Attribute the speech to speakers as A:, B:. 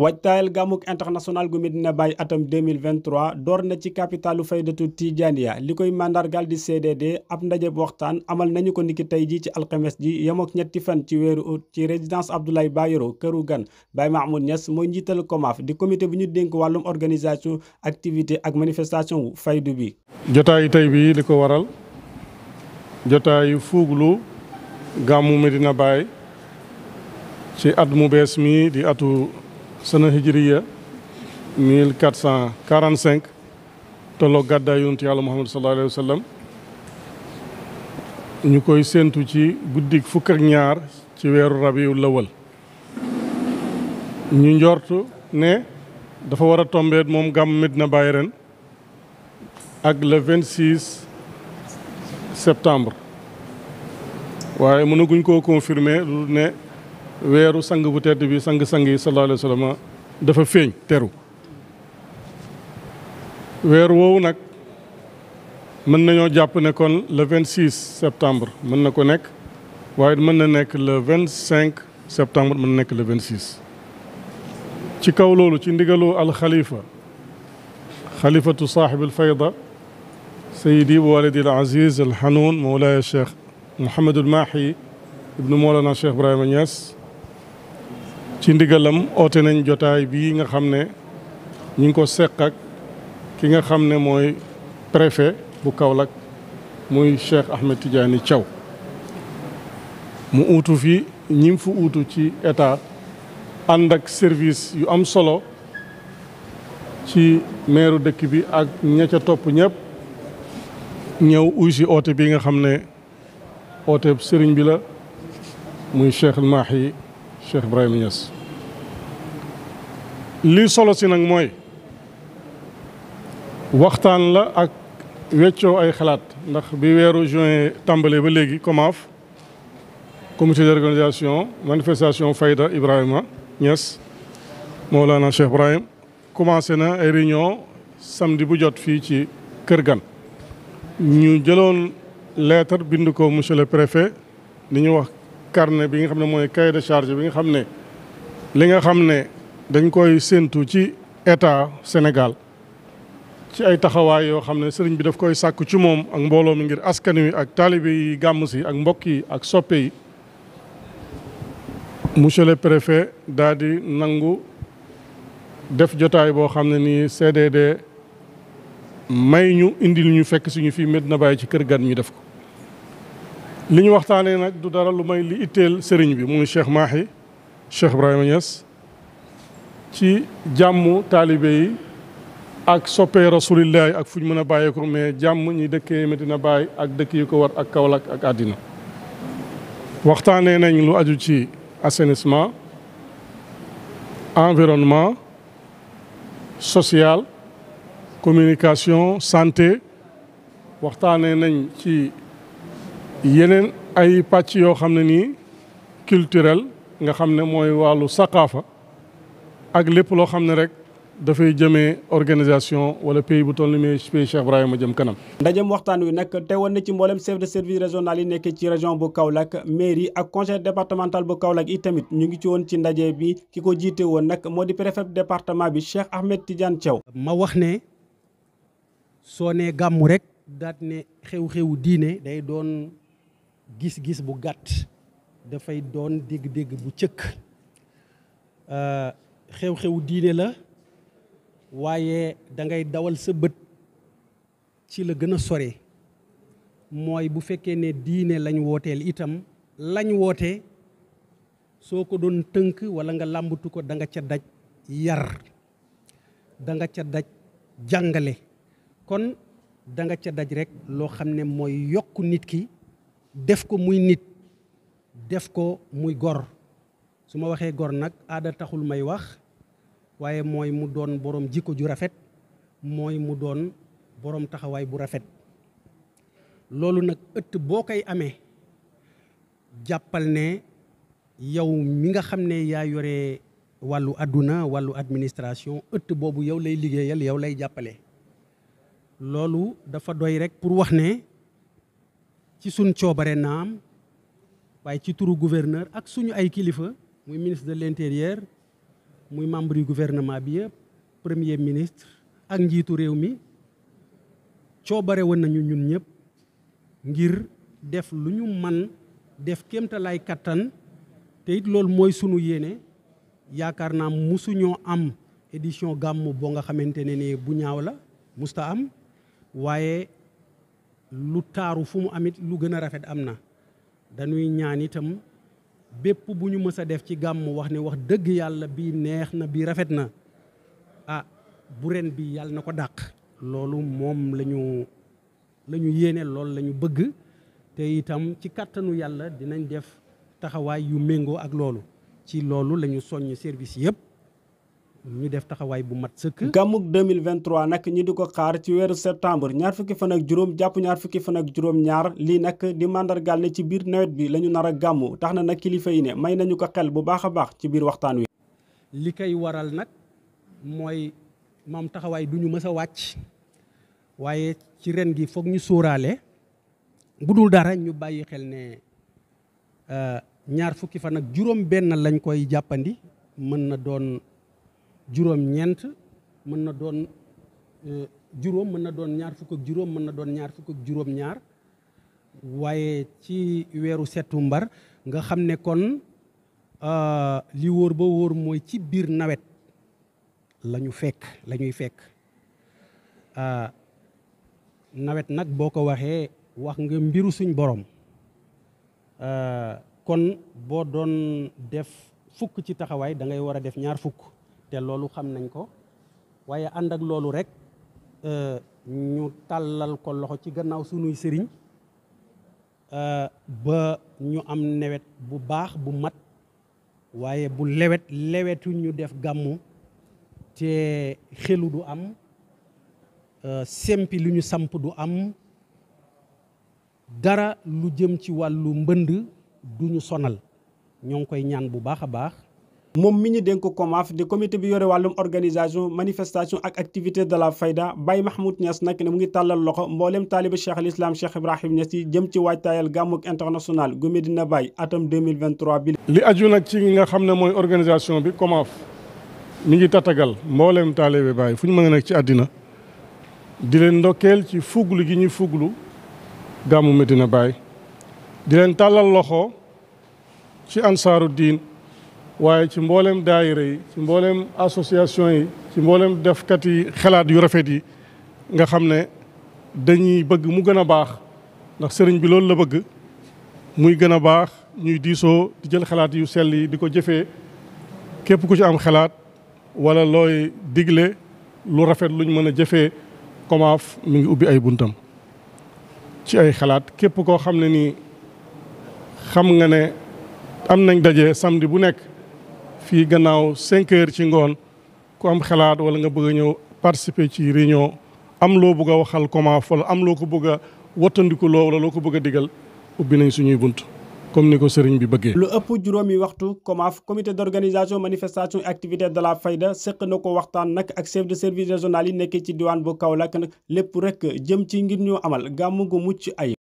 A: waajtaayal gamuk international gu Medina bay atam 2023 dor na ci capitalu faydatu Tijaaniya likoy koy Gal di CDD ab ndaje waxtan amal nañu ko niki tay ji ci alxames ji yamok ñetti fan ci wëru ci résidence Abdoulaye Bayero këru gan bay Mahmoud Niass moy njiital COMAF di comité bu ñu denk walum organisation activité ak manifestation wu faydu bi
B: jotaayu tay bi liko waral jotaayu fuuglu Gamu Medina bay ci at mu mi di atu sana hijriya 1445 tolloo gàddaay yonent yàlla muhammad sallallahu alayhi wa sallam ñu koy séentu ci guddik fukk ñaar ci weeru rabiul awwal ñu njortu ne dafa war a tombeet moom gàmm Medina Baye ren ak le 26 septembre waaye mënaguñ koo confirmer lu ne wéru sang bu tedd bi sang sang yi sallallahu alayhi wasallam dafa feñ teru wéru woowu nak mën nañu jàpp ne kon le 26 septembre mën nako nek waye mën na nek le 25 septembre mën nek le 26 ci kaw lolu ci ndigalu al khalifa khalifatu sahib al fayda سيدي والدي العزيز الحنون مولاي الشيخ محمد الماحي ابن مولانا الشيخ ابراهيم نياس ci ndigalam oté nañ jotaay bi nga xamné ne ñi ngi ko seq ak ki nga xamné ne préfet bu kaolak muy Cheikh Ahmed Tidiane ciow mu outu fi ñim fu outu ci état andak ak service yu am solo ci maire de bi ak ña ca topp ñëpp ñëw uy bi nga xamné ne serigne bi la muy Cheikh Mahi Cheikh Ibrahima Niass lii solo si nag mooy waxtaan la ak weccoo ay xalaat ndax bi weeru juin tàmbalee ba léegi COMAF comité d'organisation manifestation Fayda Ibrahima Niass Mawlana Cheikh Ibrahim commencé na ay réunion samedi bu jot fii ci Kër Gan ñu jëloon lettre bind ko monsieur le préfet ni ñu wax carnet bi nga xam ne mooy cahier de charge bi nga xam ne li nga xam ne dañ koy séentu ci état Sénégal ci ay taxawaay yoo xam ne sëriñ bi daf koy sàkku ci moom ak mbooloo mi ngir askan wi ak taalibe yi gàmm si ak mbokk yi ak soppe yi monsieur le préfet daal di nangu def jotaay boo xam ne nii CDD may ñu indil ñu fekk suñu fii Medina bàyyi ci kër gan ñu def ko li ñu waxtaanee nag du dara lu may li itteel sëriñ bi muy Cheikh Mahi Cheikh Ibrahima Niass ci jàmm taalibe yi ak soppee rasulillahi ak fuñ ñu mën a bàyyeeko mais jàmm ñi dëkkee Medina Baye ak dëkk yu ko war ak kawlak ak àddina waxtaanee nañ lu aju ci assainissement environnement social communication santé waxtaanee nañ ci yenen ay patch yo xamné ni culturel nga xamné moy walu saqafa ak lepp lo xamné rek da fay jëmee organisation wala pays bu tollu mais pays Cheikh Ibrahima jëm kanam.
A: ndajem waxtan wi nag teewoon na ci mboolem chef de service régional yi nek ci région bu Kaolack mairie ak conseil départemental bu Kaolack yi tamit ñu ngi ci won ci ndaje bi kiko jité won
C: nak modi préfet département bi Cheikh Ahmed Tidiane Thiaw. ma wax né soné gamu rek daat né xew-xewu diiné day doon. gis-gis bu gàtt dafay doon dégg-dégg bu cëkk xew euh, xew diine la waaye dangay dawal sa bët ci la gën a sore mooy bu fekkee ne diine lañ wooteel itam lañ woote soo ko doon tënk walla nga làmbatu ko danga ca daj yar danga ca daj jàngale kon danga ca daj rekk loo xam ne mooy yokk nit ki def ko muy nit def ko muy gor su ma waxee gor nag aada taxul may wax waaye mooy mu doon boroom jikko ju rafet mooy mu doon boroom taxawaay bu rafet loolu nag ëtt boo koy amee jàppal ne yow mi nga xam ne yaa yore wàllu àdduna wàllu administration ëtt boobu yow lay liggéeyal yow lay jàppale loolu dafa doy rek pour wax ne ci suñ coobare naam waaye ci turu gouverneur ak suñu ay kilifa muy ministre de l'intérieur muy membre yu gouvernement bi yëpp premier ministre ak njiitu réew mi coobare woon nañu ñun ñëpp ngir def lu ñu man def kéemtalaay kattan te it loolu mooy sunu yéene yaakaar naa musuñoo am édition gàmmu boo nga xamante ne nii bu ñaaw la musta am waaye lu taaru fu mu amit lu gën a rafet am na dañuy ñaan itam bépp bu ñu mës a def ci gàmm wax ne wax dëgg yàlla bii neex na bii rafet na ah bu ren bi yàlla na ko dàq loolu moom lañu ñu la ñu yéene loolu la ñu bëgg te itam ci kàttanu yàlla dinañ def taxawaay yu méngoo ak loolu ci loolu lañu soññ service yëpp ñu def taxawaay bu mat sëkk. gàmmug 2023 nag ñi di ko xaar ci weeru septembre
A: ñaar fukki fan ak juróom jàpp ñaar fukki fan ak juróom lii nag di màndargaal ci biir nawet bi lañu nar a gàmmu tax na nag kilifa yi ne may nañu ko xel bu baax a baax ci biir waxtaan wi.
C: li koy waral nag mooy moom taxawaay du ñu mës a wàcc waaye ci ren gi foog ñu sóoraale bu dul dara ñu bàyyi xel ne euh, ñaar fukki fan ak juróom-benn lañ koy jàppandi mën na doon. jurom nyent mën na doon e, jurom mën na doon ñaar fukk ak jurom mën na doon ñaar fukk ak jurom ñaar waaye ci setu mbar nga xamné kon kon e, li wóor ba wóor moy ci bir nawet lañu fekk lañuy fekk euh nawet nak boko waxé wax nga mbiru suñ borom e, kon bo doon def fukk ci taxaway da ngay wara def ñaar fukk te lolu xam nañ ko waye and ak lolu rek euh, ñu talal ko loxo ci gannaaw sunuy sëriñ euh, ba ñu am newet bu baax bu mat waye bu lewet lewetu ñu def gamu té xelu du am euh, sempi lu ñu samp du am dara lu jëm ci walu mbënd du sonal ñong koy ñaan bu baaxa baax mom mi ñu denko COMAF di
A: comité bi yore walum organisation manifestation ak activité de la fayda bay Mahmoud nias nak ne mu ngi talal loxo mbollem talib cheikh al islam cheikh Ibrahim nias yi jëm ci waajtaayal gamuk international gu Medina bay atam 2023 bi
B: li aju nak ci nga xamne moy organisation bi COMAF mi ngi tatagal mbollem talib bay fuñu mëna ci adina di len ndokel ci fuglu gi ñuy fuglu gamu Medina bay di len talal loxo ci ansaaru waaye ci mboolem daayira yi ci mboolem association yi ci mboolem defkat yi xalaat yu rafet yi nga xam ne dañuy bëgg mu gën a baax ndax sëriñ bi loolu la bëgg muy gën a baax ñuy diisoo di jël xalaat yu sell yi di ko jëfee képp ku ci am xalaat wala looy digle lu rafet luñ mën a jëfee komaaf mi ngi ubbi ay buntam ci ay xalaat képp koo xam ne nii xam nga ne am nañ daje samedi bu nekk fii gannaaw cinq ci ngoon ku am xalaat wala nga bëgg a ñëw participer ci réunion am loo bëgg a waxal comment fol am loo ko bëgg a wattandiku loo wala loo ko bëgg a digal ubbi nañ suñuy bunt comme ni ko sëriñ bi bëggee. lu
A: ëpp juróomi waxtu COMAF comité d' organisation activité de la fayda seq na ko waxtaan nag ak chef de service régional yi nekkee ci diwaan bu Kaolack nag lépp rek jëm ci ngir ñoo amal gàmm gu mucc ay